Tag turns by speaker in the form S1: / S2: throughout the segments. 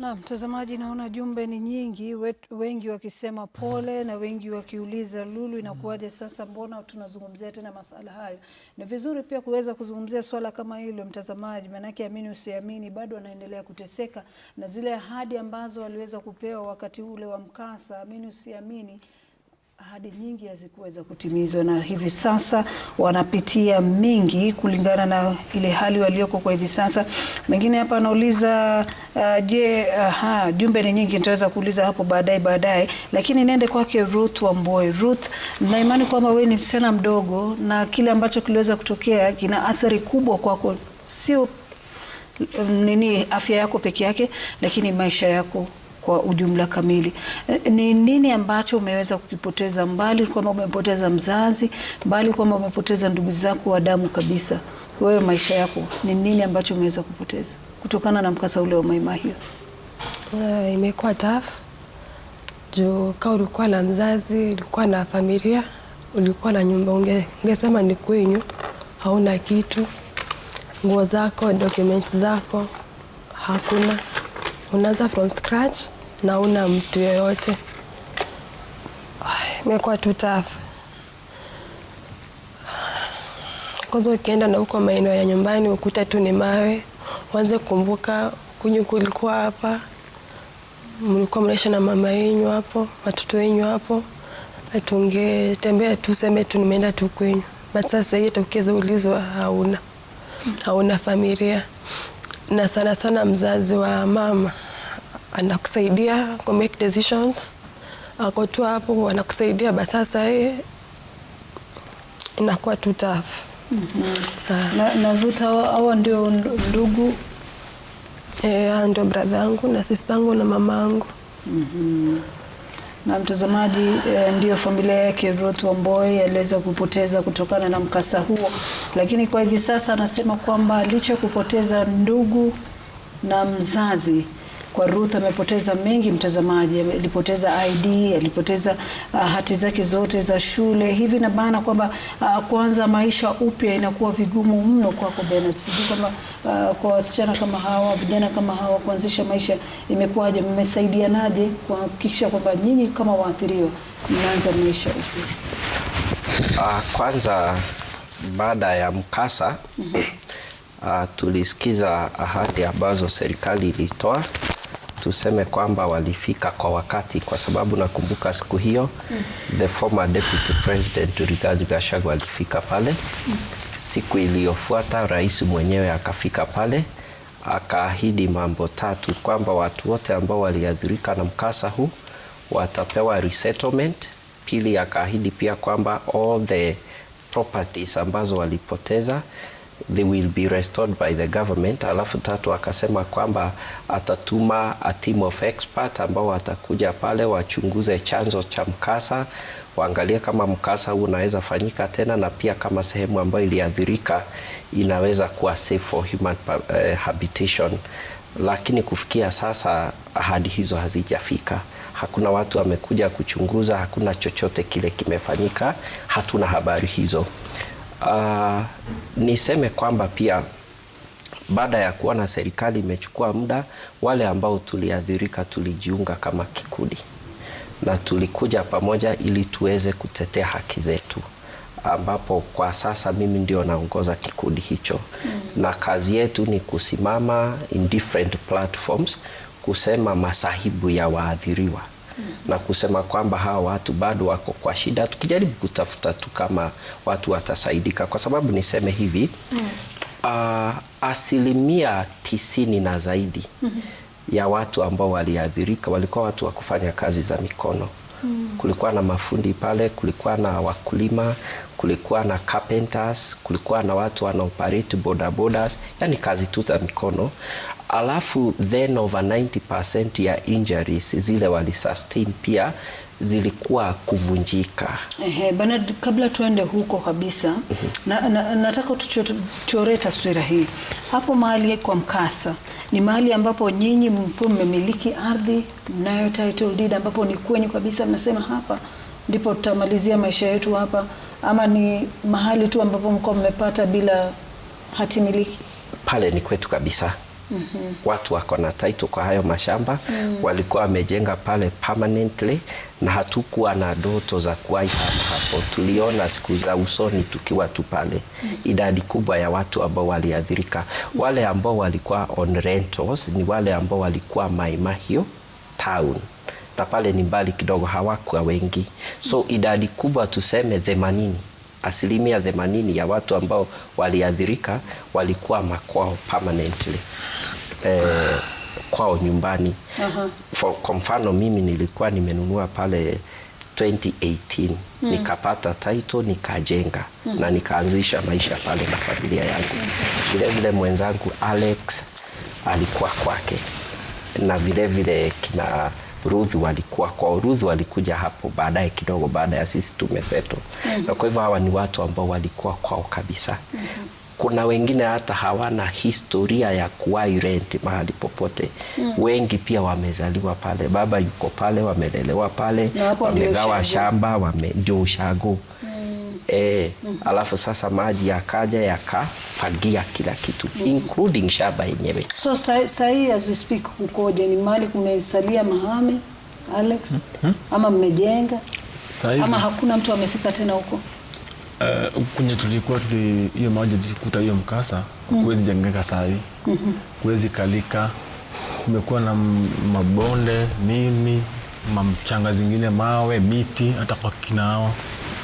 S1: Na mtazamaji, naona jumbe ni nyingi, wengi wakisema pole na wengi wakiuliza Lulu, inakuwaje sasa, mbona tunazungumzia tena masala hayo? Ni vizuri pia kuweza kuzungumzia swala kama hilo mtazamaji, maanake amini usiamini, bado anaendelea kuteseka na zile ahadi ambazo aliweza kupewa wakati ule wa mkasa, amini usiamini ahadi nyingi hazikuweza kutimizwa na hivi sasa wanapitia mingi kulingana na ile hali walioko kwa hivi sasa. Mwingine hapa anauliza uh, je, aha, jumbe ni nyingi, nitaweza kuuliza hapo baadaye baadaye, lakini niende kwake Ruth Wamboi. Ruth, na imani kwamba wewe ni msichana mdogo na kile ambacho kiliweza kutokea kina athari kubwa kwako, sio um, nini afya yako peke yake, lakini maisha yako kwa ujumla kamili. Eh, ni nini ambacho umeweza kukipoteza, mbali kwamba umepoteza mzazi, mbali kwamba umepoteza ndugu zako wa damu kabisa, wewe maisha yako, ni nini ambacho umeweza kupoteza kutokana na mkasa ule wa maima Hiyo
S2: uh, imekuwa taf juu kaa ulikuwa na mzazi, ulikuwa na familia, ulikuwa na nyumba, ungesema ni kwenyu, hauna kitu, nguo zako, dokumenti zako hakuna unaanza from scratch na una mtu yoyote. Imekuwa tu tough kwanza, ukienda na huko maeneo ya nyumbani ukuta tu ni mawe, uanze kumbuka kunyu kulikuwa hapa, mlikuwa mnaisha na mama yenyu hapo, watoto wenyu hapo, atungetembea tuseme tu nimeenda tu kwenyu, but sasa hiyo tukeza hauna hauna familia na sana sana mzazi wa mama anakusaidia ku make decisions ako tu hapo anakusaidia, basi sasa yeye inakuwa tu tough. mm
S1: -hmm. na navuta hawa ndio ndugu
S2: eh, ndio brother yangu na yangu na mama yangu. mm -hmm
S1: na mtazamaji eh, ndiyo familia yake Ruth Wamboi aliweza kupoteza kutokana na mkasa huo, lakini kwa hivi sasa anasema kwamba licha ya kupoteza ndugu na mzazi kwa Ruth amepoteza mengi mtazamaji, alipoteza ID, alipoteza uh, hati zake zote za shule. Hivi na bana kwamba uh, kuanza maisha upya inakuwa vigumu mno kwako Bernard, sijui kwamba uh, kwa wasichana kama hawa, vijana kama hawa, kuanzisha maisha imekuwaje? Mmesaidianaje kuhakikisha kwamba nyinyi kama waathiriwa mnaanza maisha upya?
S3: Uh, kwanza baada ya mkasa mm -hmm. Uh, tulisikiza ahadi ambazo serikali ilitoa tuseme kwamba walifika kwa wakati, kwa sababu nakumbuka siku hiyo mm. the former deputy president Rigathi Gachagua alifika pale mm. siku iliyofuata rais mwenyewe akafika pale akaahidi mambo tatu, kwamba watu wote ambao waliathirika na mkasa huu watapewa resettlement. Pili, akaahidi pia kwamba all the properties ambazo walipoteza they will be restored by the government. Alafu tatu akasema kwamba atatuma a team of expert ambao watakuja pale wachunguze chanzo cha mkasa, waangalie kama mkasa huu unaweza fanyika tena, na pia kama sehemu ambayo iliathirika inaweza kuwa safe for human eh, habitation. Lakini kufikia sasa ahadi hizo hazijafika. Hakuna watu wamekuja kuchunguza, hakuna chochote kile kimefanyika, hatuna habari hizo. Uh, niseme kwamba pia baada ya kuona serikali imechukua muda, wale ambao tuliathirika tulijiunga kama kikundi na tulikuja pamoja ili tuweze kutetea haki zetu, ambapo kwa sasa mimi ndio naongoza kikundi hicho mm. na kazi yetu ni kusimama in different platforms kusema masahibu ya waathiriwa na kusema kwamba hawa watu bado wako kwa shida, tukijaribu kutafuta tu kama watu watasaidika, kwa sababu niseme hivi mm. Uh, asilimia tisini na zaidi mm -hmm. ya watu ambao waliathirika walikuwa watu wa kufanya kazi za mikono mm. Kulikuwa na mafundi pale, kulikuwa na wakulima, kulikuwa na carpenters, kulikuwa na watu wanaoperate bodabodas, yani kazi tu za mikono alafu then over 90% ya injuries zile wali sustain pia zilikuwa kuvunjika.
S1: Ehe, bana, kabla tuende huko kabisa na, na, nataka tuchoree taswira hii hapo mahali kwa mkasa ni mahali ambapo nyinyi mpo mmemiliki ardhi mnayo title deed, ambapo ni kwenyu kabisa, mnasema hapa ndipo tutamalizia maisha yetu hapa, ama ni mahali tu ambapo mko mmepata bila hati miliki?
S3: Pale ni kwetu kabisa mm -hmm. watu wako na title kwa hayo mashamba mm -hmm. walikuwa wamejenga pale permanently na hatukuwa na doto za kuwahi hapo, tuliona siku za usoni tukiwa tu pale, mhm. idadi kubwa ya watu ambao waliathirika. Wale ambao walikuwa on rentals ni wale ambao walikuwa Maimahio town na pale ni mbali kidogo, hawakuwa wengi, so mhm. idadi kubwa tuseme themanini asilimia themanini ya watu ambao waliathirika walikuwa makwao permanently eh, kwao nyumbani. uh -huh. Kwa mfano mimi nilikuwa nimenunua pale 2018 mm. Nikapata title nikajenga mm. na nikaanzisha maisha pale na familia yangu vilevile. mm -hmm. Mwenzangu Alex alikuwa kwake na vilevile kina Ruth walikuwa kwa Ruth walikuja hapo baadaye kidogo baada ya sisi tumeseto. mm -hmm. Na kwa hivyo hawa ni watu ambao walikuwa kwao kabisa. mm -hmm. Kuna wengine hata hawana historia ya kuwahi rent mahali popote. mm -hmm. Wengi pia wamezaliwa pale, baba yuko pale, wamelelewa pale, wamegawa shamba, wame ndio ushago e, mm. Alafu sasa maji yakaja yakafagia kila kitu mm. including shamba yenyewe.
S1: So sahii as we speak kukoje? Ni mali kumesalia mahame Alex mm -hmm. ama mmejenga Saizi. ama hakuna mtu amefika tena huko?
S4: Uh, kwenye tulikuwa tuli hiyo maji tulikuta hiyo mkasa mm. kuwezi jengeka saa hii mm -hmm. kuwezi kalika, kumekuwa na mabonde nini mamchanga zingine mawe miti hata kwa kinao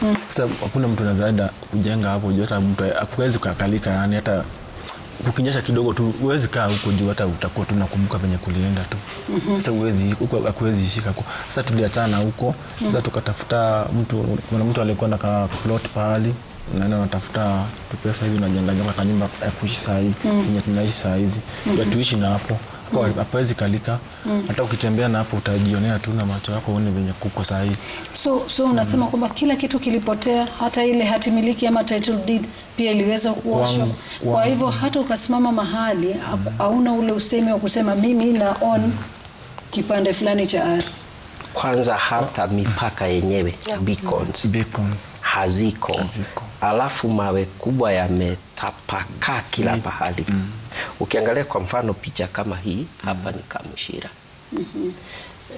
S4: Mm. Sasa hakuna mtu anazaenda kujenga hapo juu, hata mtu hakuwezi kukalika, yani hata kukinyesha kidogo tu uwezi kaa huko juu, hata utakuwa nakumbuka venye kulienda tu. mm -hmm. Sasa uwezi huko, hakuwezi shika huko. Sasa tuliachana huko mm. Sasa mhm. tukatafuta mtu, kuna mtu alikuwa na ka plot pahali naenda natafuta tu pesa hivi, najenga kanyumba ya kuishi saa hii mm. yenye tunaishi saa hizi mm -hmm. tuishi na hapo hapawezi mm. kalika mm. hata ukitembea na hapo utajionea tu na macho yako uone venye kuko sahihi.
S1: So, so unasema mm. kwamba kila kitu kilipotea, hata ile hatimiliki ama title deed pia iliweza kuoshwa. Kwa hivyo hata ukasimama mahali mm. hauna mm. ule usemi wa kusema mimi na on mm. kipande fulani cha ardhi
S3: kwanza hata mm. mipaka yenyewe yeah. Mm. beacons,
S4: beacons.
S3: Haziko. haziko, alafu mawe kubwa yametapakaa kila pahali mm. Ukiangalia kwa mfano picha kama hii hapa ni Kamushira. mm eh, -hmm.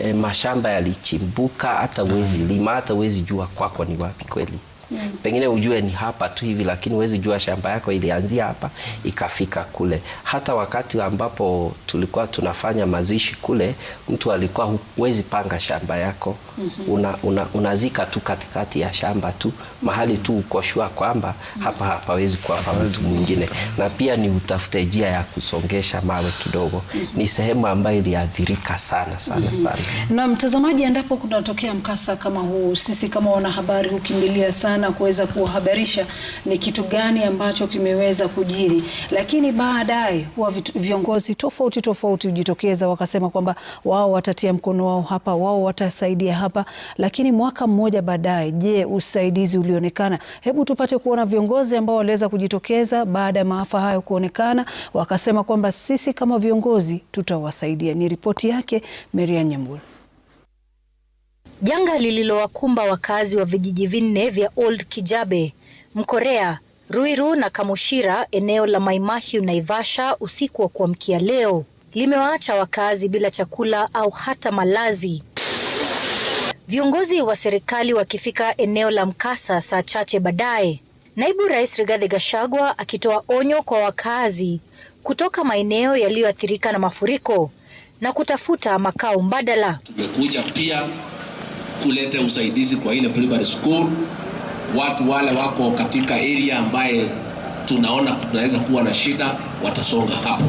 S3: E, mashamba yalichimbuka, hata uwezi lima, hata uwezi jua kwako ni wapi kweli mm. Pengine ujue ni hapa tu hivi, lakini huwezi jua shamba yako ilianzia hapa ikafika kule. Hata wakati ambapo tulikuwa tunafanya mazishi kule, mtu alikuwa huwezi panga shamba yako mm -hmm. una, una, unazika tu katikati ya shamba tu mahali tu ukoshua kwamba mm. hapa hapawezi kuwapa mtu mwingine, na pia ni utafute njia ya kusongesha mawe kidogo. Mm-hmm. Ni sehemu ambayo iliathirika sana sana mm-hmm. sana.
S1: Na mtazamaji, endapo kunatokea mkasa kama huu, sisi kama wanahabari hukimbilia sana sana kuweza kuwahabarisha ni kitu gani ambacho kimeweza kujiri, lakini baadaye huwa viongozi tofauti tofauti hujitokeza wakasema kwamba wao watatia mkono wao hapa, wao watasaidia hapa, lakini mwaka mmoja baadaye, je, usaidizi ulionekana? Hebu tupate kuona viongozi ambao waliweza kujitokeza baada ya maafa hayo kuonekana, wakasema kwamba sisi kama viongozi tutawasaidia. Ni ripoti yake Marian Nyambura.
S5: Janga lililowakumba wakazi wa vijiji vinne vya Old Kijabe, Mkorea, Ruiru na Kamushira eneo la Maimahiu, Naivasha usiku wa kuamkia leo limewaacha wakazi bila chakula au hata malazi. Viongozi wa serikali wakifika eneo la mkasa saa chache baadaye, Naibu Rais Rigathi Gachagua akitoa onyo kwa wakazi kutoka maeneo yaliyoathirika na mafuriko na kutafuta makao mbadala.
S6: Tumekuja pia kuleta usaidizi kwa ile primary school, watu wale wako katika area ambaye tunaona tunaweza kuwa na shida watasonga hapo.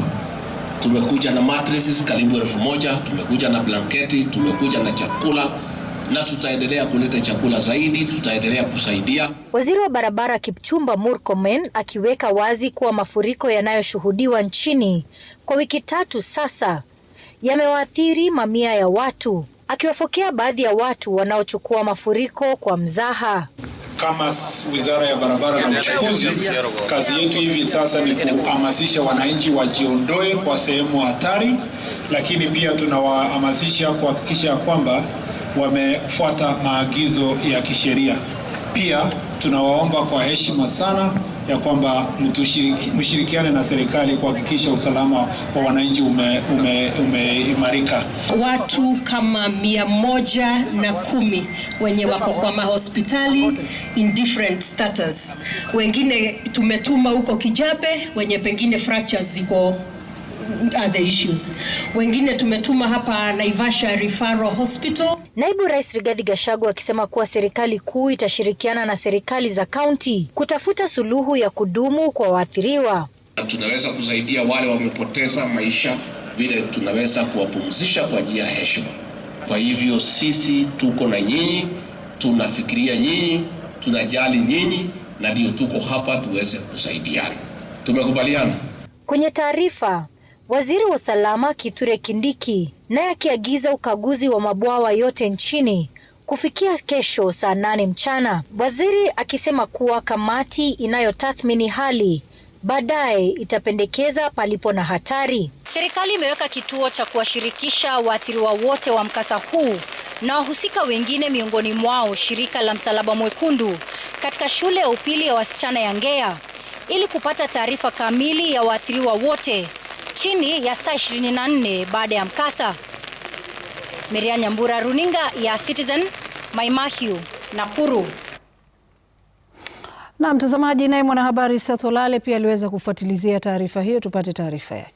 S6: Tumekuja na mattresses karibu elfu moja, tumekuja na blanketi, tumekuja na chakula na tutaendelea kuleta chakula zaidi, tutaendelea kusaidia.
S5: Waziri wa barabara Kipchumba Murkomen akiweka wazi kuwa mafuriko yanayoshuhudiwa nchini kwa wiki tatu sasa yamewaathiri mamia ya watu akiwafokea baadhi ya watu wanaochukua mafuriko kwa mzaha.
S7: Kama wizara ya barabara na uchukuzi, kazi yetu hivi sasa ni kuhamasisha wananchi wajiondoe kwa sehemu hatari, lakini pia tunawahamasisha kuhakikisha kwamba wamefuata maagizo ya kisheria pia tunawaomba kwa heshima sana ya kwamba mshirikiane na serikali kuhakikisha usalama wa wananchi umeimarika.
S8: Ume, ume watu kama mia moja na kumi wenye wako kwa mahospitali in different status, wengine tumetuma huko Kijabe wenye pengine fractures ziko other issues, wengine tumetuma hapa Naivasha Referral Hospital
S5: Naibu Rais Rigathi Gachagua akisema kuwa serikali kuu itashirikiana na serikali za kaunti kutafuta suluhu ya kudumu kwa waathiriwa.
S6: Tunaweza kusaidia wale wamepoteza maisha, vile tunaweza kuwapumzisha kwa njia ya heshima. Kwa hivyo sisi tuko na nyinyi, tunafikiria nyinyi, tunajali nyinyi, na ndio tuko hapa tuweze kusaidiana. Tumekubaliana.
S5: Kwenye taarifa Waziri wa usalama Kithure Kindiki naye akiagiza ukaguzi wa mabwawa yote nchini kufikia kesho saa nane mchana, waziri akisema kuwa kamati inayotathmini hali baadaye itapendekeza palipo na hatari. Serikali imeweka kituo cha kuwashirikisha waathiriwa wote wa mkasa huu na wahusika wengine, miongoni mwao shirika la Msalaba Mwekundu katika shule ya upili ya wasichana ya Ngea ili kupata taarifa kamili ya waathiriwa wote chini ya saa 24 baada ya mkasa. Miriam Nyambura, runinga ya Citizen, Maimahiu, Nakuru.
S1: Na mtazamaji, naye mwanahabari Seth Olale pia aliweza kufuatilizia taarifa hiyo, tupate taarifa yake.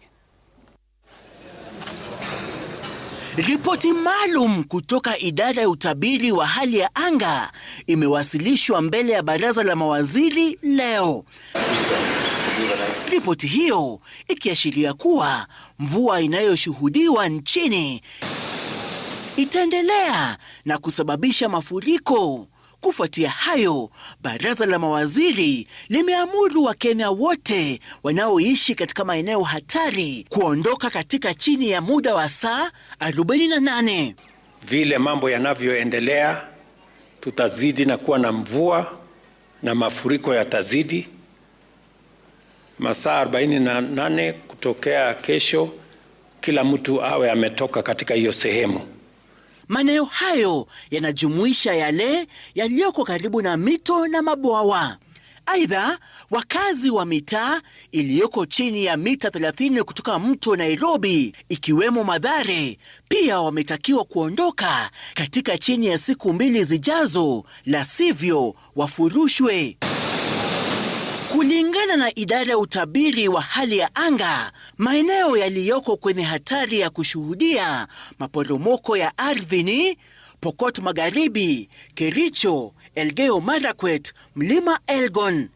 S9: Ripoti maalum kutoka idara ya utabiri wa hali ya anga imewasilishwa mbele ya baraza la mawaziri leo. Ripoti hiyo ikiashiria kuwa mvua inayoshuhudiwa nchini itaendelea na kusababisha mafuriko. Kufuatia hayo, baraza la mawaziri limeamuru Wakenya wote wanaoishi katika maeneo hatari kuondoka katika chini ya muda wa saa 48.
S10: Vile mambo yanavyoendelea, tutazidi na kuwa na mvua na mafuriko yatazidi masaa 48 kutokea kesho, kila mtu awe ametoka katika hiyo sehemu.
S9: Maeneo hayo yanajumuisha yale yaliyoko karibu na mito na mabwawa. Aidha, wakazi wa mitaa iliyoko chini ya mita 30 kutoka mto Nairobi, ikiwemo madhare pia wametakiwa kuondoka katika chini ya siku mbili zijazo, la sivyo wafurushwe. Kulingana na idara ya utabiri wa hali ya anga, maeneo yaliyoko kwenye hatari ya kushuhudia maporomoko ya ardhi ni Pokot Magharibi, Kericho, Elgeyo Marakwet, Mlima Elgon.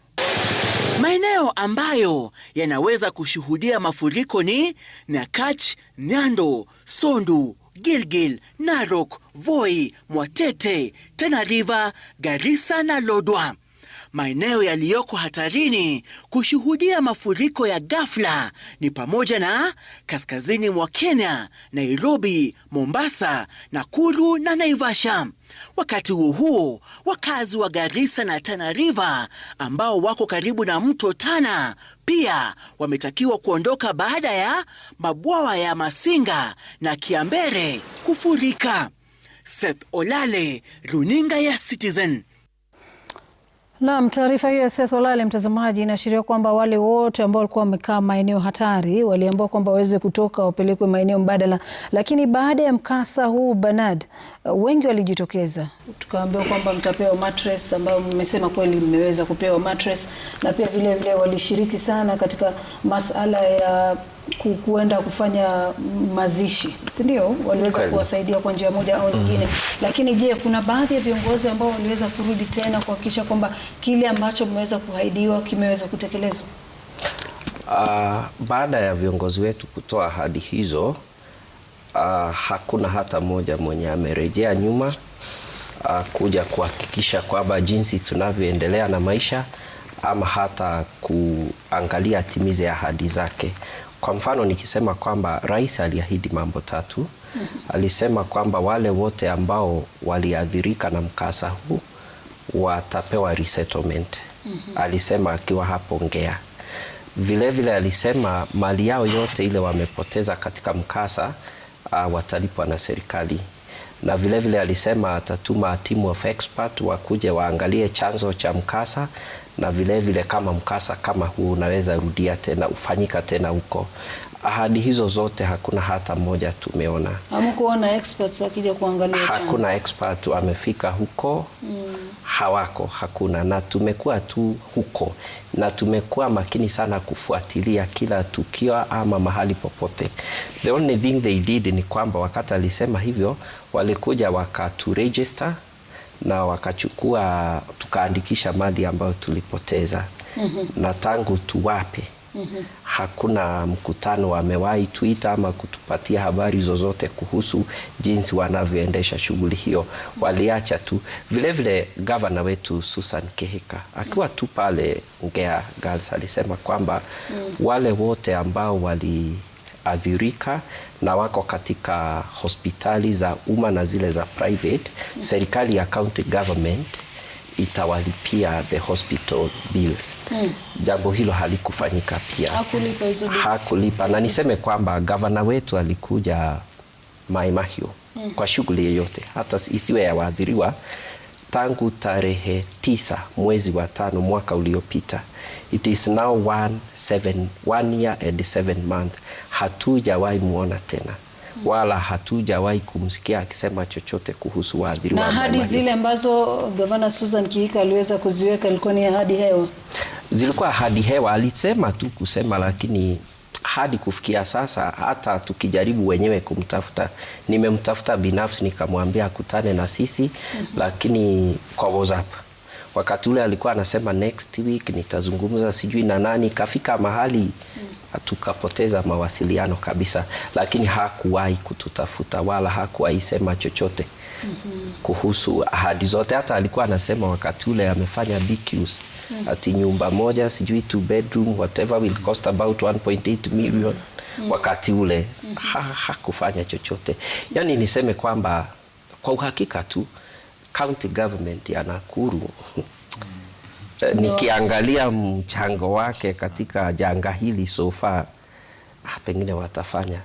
S9: Maeneo ambayo yanaweza kushuhudia mafuriko ni Nakach, Nyando, Sondu, Gilgil, Narok, Voi, Mwatete, Tana River, Garissa na Lodwar. Maeneo yaliyoko hatarini kushuhudia mafuriko ya ghafla ni pamoja na kaskazini mwa Kenya, Nairobi, Mombasa, Nakuru na Naivasha. Wakati huo huo, wakazi wa Garissa na Tana River ambao wako karibu na mto Tana pia wametakiwa kuondoka baada ya mabwawa ya Masinga na Kiambere kufurika. Seth Olale, Runinga ya Citizen.
S1: Naam, taarifa hiyo ya Seth Olale mtazamaji, inaashiria kwamba wale wote ambao walikuwa wamekaa maeneo hatari waliambiwa kwamba waweze kutoka wapelekwe maeneo mbadala, lakini baada ya mkasa huu Bernard, wengi walijitokeza, tukaambiwa kwamba mtapewa mattress, ambayo mmesema kweli mmeweza kupewa mattress, na pia vile vile walishiriki sana katika masala ya kuenda kufanya mazishi, si ndio? Waliweza kuwasaidia kwa njia moja au nyingine mm. Lakini je, kuna baadhi ya viongozi ambao waliweza kurudi tena kuhakikisha kwamba kile ambacho mmeweza kuahidiwa kimeweza kutekelezwa?
S3: Uh, baada ya viongozi wetu kutoa ahadi hizo uh, hakuna hata mmoja mwenye amerejea nyuma uh, kuja kuhakikisha kwamba jinsi tunavyoendelea na maisha ama hata kuangalia atimize ahadi zake. Kwa mfano nikisema kwamba rais aliahidi mambo tatu Alisema kwamba wale wote ambao waliathirika na mkasa huu watapewa resettlement Alisema akiwa hapo Ngea. Vilevile alisema mali yao yote ile wamepoteza katika mkasa uh, watalipwa na serikali na vilevile vile alisema atatuma timu of expert wakuje waangalie chanzo cha mkasa na vilevile vile kama mkasa kama huu unaweza rudia tena ufanyika tena huko. Ahadi hizo zote hakuna hata moja tumeona.
S1: Hamkuona experts wakija kuangalia
S3: Hakuna expert amefika huko mm. Hawako, hakuna, na tumekuwa tu huko na tumekuwa makini sana kufuatilia kila tukio ama mahali popote. The only thing they did ni kwamba wakati alisema hivyo walikuja wakatu register na wakachukua tukaandikisha mali ambayo tulipoteza. mm -hmm. na tangu tuwape mm -hmm. hakuna mkutano wamewahi tuita ama kutupatia habari zozote kuhusu jinsi wanavyoendesha shughuli hiyo. mm -hmm. Waliacha tu vilevile. Gavana wetu Susan Kehika akiwa tu pale Ngea Girls alisema kwamba mm -hmm. wale wote ambao waliathirika na wako katika hospitali za umma na zile za private. Serikali ya county government itawalipia the hospital bills hmm. Jambo hilo halikufanyika pia, hakulipa, hakulipa. Na niseme kwamba gavana wetu alikuja Maimahio hmm. kwa shughuli yeyote hata isiwe ya waathiriwa tangu tarehe tisa mwezi wa tano mwaka uliopita It is now one, seven, one year and seven month. Hatujawahi muona tena wala hatujawahi kumsikia akisema chochote kuhusu waathiriwa.
S1: Na ahadi zile ambazo Gavana Susan Kihika aliweza kuziweka ilikuwa ni ahadi hewa,
S3: zilikuwa ahadi hewa, alisema tu kusema, lakini hadi kufikia sasa hata tukijaribu wenyewe kumtafuta, nimemtafuta binafsi nikamwambia akutane na sisi, mm -hmm. lakini kwa WhatsApp wakati ule alikuwa anasema next week nitazungumza sijui na nani, kafika mahali tukapoteza mawasiliano kabisa, lakini hakuwahi kututafuta wala hakuwahi sema chochote mm -hmm. kuhusu ahadi zote. Hata alikuwa anasema wakati ule amefanya BQs mm -hmm. ati nyumba moja sijui two bedroom whatever will cost about 1.8 million mm -hmm. wakati ule mm -hmm. ha, hakufanya chochote, yani niseme kwamba kwa uhakika tu mm county government ya Nakuru nikiangalia mchango wake katika janga hili so far, ah, pengine watafanya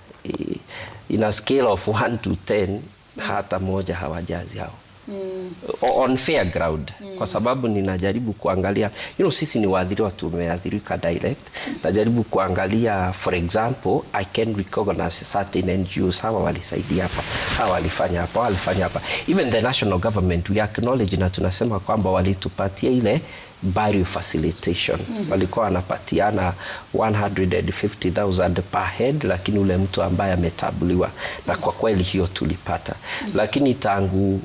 S3: in a scale of 1 to 10 hata moja hawajazi hao. Mm. On fair ground mm. Kwa sababu ninajaribu kuangalia you know, sisi ni waathiriwa, tumeathirika direct. Najaribu kuangalia for example, I can recognize certain NGOs, hawa walisaidia hapa, hawa walifanya hapa, walifanya hapa, even the national government we acknowledge, na tunasema kwamba walitupatia ile burial facilitation mm -hmm. Walikuwa wanapatiana 150,000 per head, lakini ule mtu ambaye ametabuliwa, na kwa kweli hiyo tulipata, mm-hmm. lakini tangu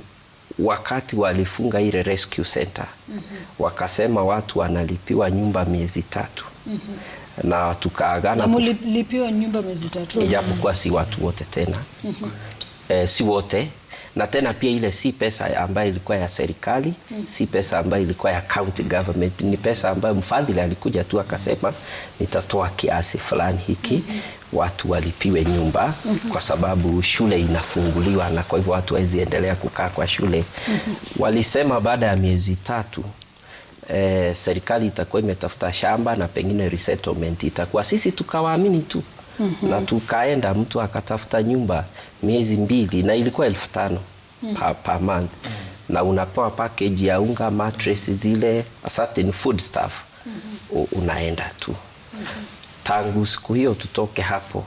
S3: wakati walifunga ile rescue center mm -hmm. wakasema watu wanalipiwa nyumba miezi tatu mm -hmm. na tukaagana tatu, ijapokuwa si watu wote tena mm -hmm. E, si wote na tena pia ile si pesa ambayo ilikuwa ya serikali mm. si pesa ambayo ilikuwa ya county government, ni pesa ambayo mfadhili alikuja tu akasema nitatoa kiasi fulani hiki mm -hmm watu walipiwe nyumba mm -hmm. kwa sababu shule inafunguliwa na kwa hivyo watu hawezi endelea kukaa kwa shule mm -hmm. Walisema baada ya miezi tatu e, serikali itakuwa imetafuta shamba na pengine resettlement itakuwa, sisi tukawaamini tu. -hmm. na tukaenda mtu akatafuta nyumba miezi mbili na ilikuwa elfu tano mm -hmm. per month mm -hmm. na unapewa package ya unga, mattress zile certain food stuff mm -hmm. unaenda tu mm -hmm. tangu siku hiyo tutoke hapo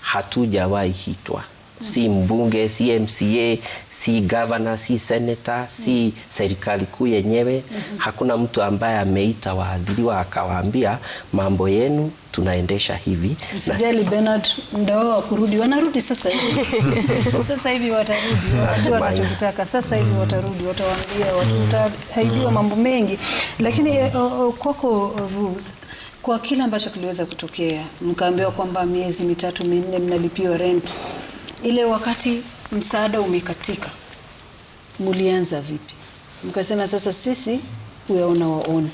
S3: hatujawahi hitwa si mbunge, si MCA, si governor, si senator, si serikali kuu yenyewe. Hakuna mtu ambaye ameita waadhiriwa akawaambia mambo yenu tunaendesha hivi.
S1: Usijali Bernard, muda wa kurudi wanarudi sasa hivi. Sasa hivi watarudi, wanajua wanachokitaka. Sasa hivi watarudi, watawaambia, wataidiwa mm. mambo mengi, lakini eh, kwako rules kwa kile ambacho kiliweza kutokea, mkaambiwa kwamba miezi mitatu minne mnalipiwa rent ile wakati msaada umekatika, mulianza vipi? Mkasema sasa sisi uyaona waona.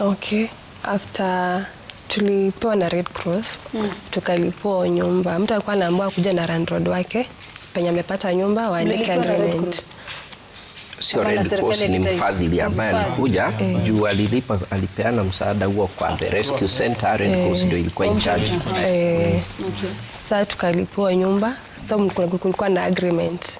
S11: Okay, after tulipewa na Red Cross mm. Tukalipewa nyumba, mtu alikuwa anaambua kuja na landlord wake penye amepata nyumba waandike agreement sio Redcross, ni mfadhili ambaye alikuja eh. juu alilipa, alipeana msaada huo kwa the rescue eh. center. Redcross eh. ndio ilikuwa in charge. Mm. Sasa tukalipoa nyumba, sasa so, kulikuwa na agreement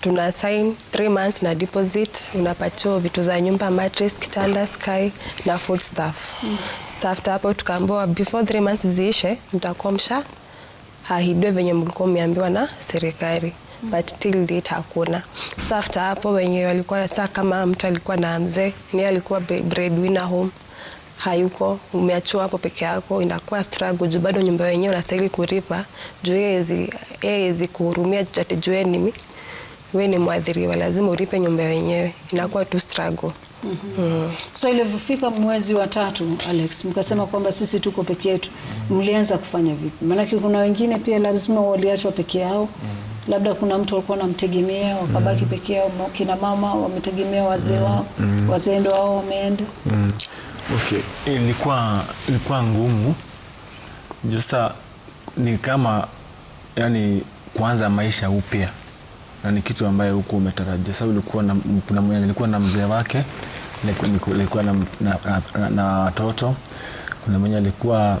S11: tuna sign 3 months na deposit, unapatiwa vitu za nyumba, mattress, kitanda, sky na food stuff. Sasa after hapo tukaambiwa before 3 months ziishe mtakuwa msha ahidiwe venye mlikuwa mmeambiwa na serikali but till date hakuna. Sasa after hapo wenye walikuwa saa kama mtu alikuwa na mzee ni alikuwa breadwinner home hayuko, umeachua hapo peke yako, inakuwa struggle juu bado nyumba yenyewe unastahili kuripa, juu yeye ezi kuhurumia ati juu ni we ni mwadhiriwa, lazima uripe nyumba yenyewe, inakuwa tu struggle. Mm -hmm.
S1: Mm -hmm. So ilivyofika mwezi wa tatu, Alex, mkasema kwamba sisi tuko peke yetu, mlianza kufanya vipi? Maanake kuna wengine pia lazima waliachwa peke yao. Mm -hmm labda kuna mtu alikuwa anamtegemea wakabaki mm. peke yao, kina mama wametegemea wazee wao mm. wazee ndo wao wameenda mm.
S4: Okay, ilikuwa ilikuwa ngumu jusa, ni kama yani kuanza maisha upya na ni kitu ambayo huko umetarajia sababu nilikuwa na mzee wake, nilikuwa na watoto, kuna mwenye alikuwa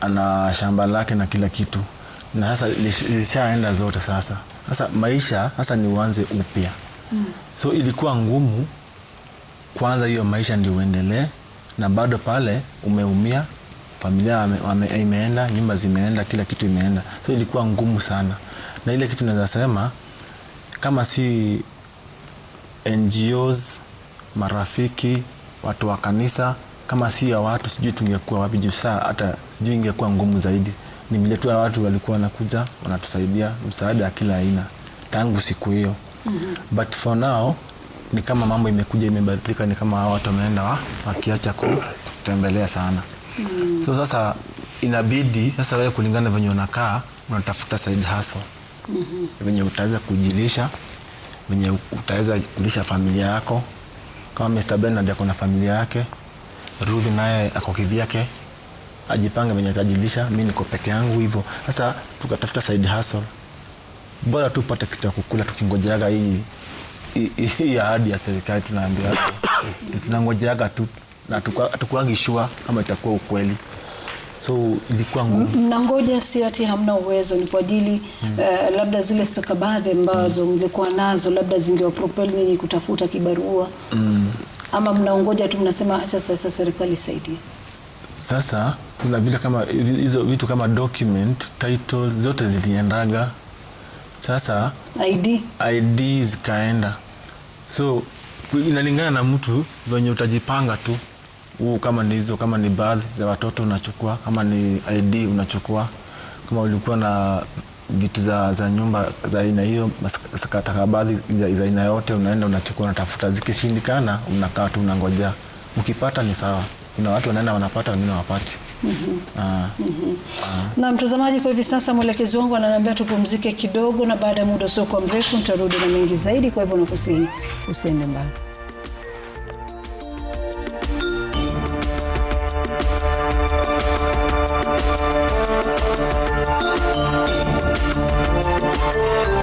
S4: ana shamba lake na kila kitu na sasa lishaenda zote. Sasa sasa maisha sasa ni uanze upya mm. So ilikuwa ngumu kwanza, hiyo maisha ndio uendelee, na bado pale umeumia, familia wame, wame, imeenda, nyumba zimeenda, kila kitu imeenda, so ilikuwa ngumu sana, na ile kitu naweza sema kama si NGOs, marafiki, watu wa kanisa, kama si ya watu, sijui tungekuwa wapi. Juu saa hata sijui ingekuwa ngumu zaidi ni vile tu watu walikuwa wanakuja wanatusaidia msaada ya kila aina tangu siku hiyo mm -hmm. But for now ni kama mambo imekuja imebadilika, ni kama hao watu wameenda wakiacha kutembelea sana mm So sasa inabidi sasa wewe kulingana venye unakaa unatafuta side hustle mm -hmm. venye utaweza kujilisha, venye utaweza kulisha familia yako, kama Mr. Bernard ako na familia yake, Ruth naye ako kivyake ajipange mwenye atajilisha, mi niko peke yangu hivyo. Sasa tukatafuta side hustle, bora tu upate kitu ya kukula, tukingojeaga hii hii ahadi ya serikali tunaambia tunangojeaga tu na tukuangi shua kama itakuwa ukweli. So ilikuwa ngumu.
S1: Mnangoja si ati hamna uwezo, ni kwa ajili hmm. uh, labda zile stakabadhi ambazo mm. mngekuwa nazo labda zingewapropel nyinyi kutafuta kibarua hmm. ama mnaongoja tu mnasema acha sasa serikali isaidie.
S4: Sasa kuna vile kama hizo vitu kama document title zote ziliendaga, sasa ID, ID zikaenda, so inalingana na mtu venye utajipanga tu huu kama ni hizo kama ni birth za watoto unachukua, kama ni ID unachukua, kama ulikuwa na vitu za, za nyumba za aina hiyo sakatakabadhi za aina yote, unaenda unachukua, unatafuta. Zikishindikana unakaa tu unangojea, ukipata ni sawa. Kuna watu wanaenda wanapata, wengine wapati
S1: Mm-hmm. Na mtazamaji, kwa hivi sasa mwelekezi wangu ananiambia tupumzike kidogo, na baada ya muda usiokuwa mrefu nitarudi na mengi zaidi. Kwa hivyo nakusihi usiende mbali.